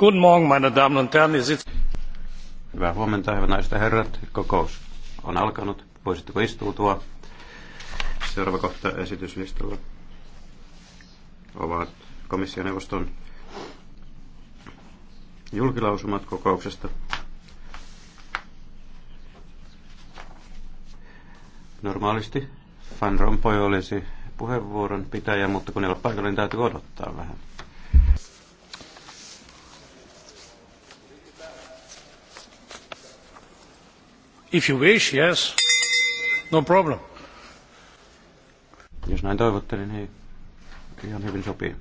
Guten Morgen, meine Damen und Herren. Die Sitz Hyvää huomenta, hyvät naiset ja herrat. Kokous on alkanut. Voisitteko istuutua? Seuraava kohta esityslistalla ovat komissioneuvoston julkilausumat kokouksesta. Normaalisti Van Rompuy olisi puheenvuoron pitäjä, mutta kun ei ole paikalla, niin täytyy odottaa vähän. No Jos näin toivotte, niin ihan hyvin sopii.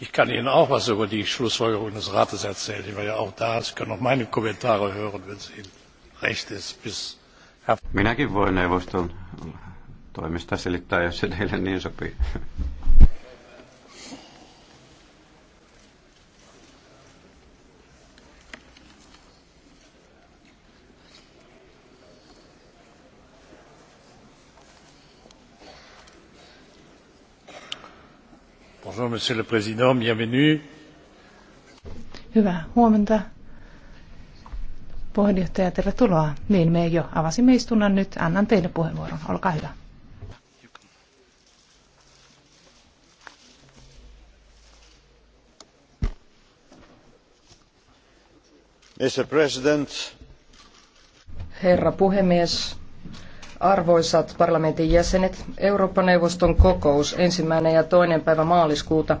Ich kann Ihnen auch was über die Schlussfolgerung des Rates erzählen. Ich war ja auch da. Sie können auch meine Kommentare hören, wenn Sie. Ihn. Minäkin voin neuvoston toimista selittää, jos se teille niin sopii. Bonjour, Monsieur le Président, bienvenue. Hyvää huomenta, Puheenjohtaja, tervetuloa. Niin, me jo avasimme istunnan nyt. Annan teille puheenvuoron. Olkaa hyvä. Mr. President. Herra puhemies, arvoisat parlamentin jäsenet, Eurooppa-neuvoston kokous ensimmäinen ja toinen päivä maaliskuuta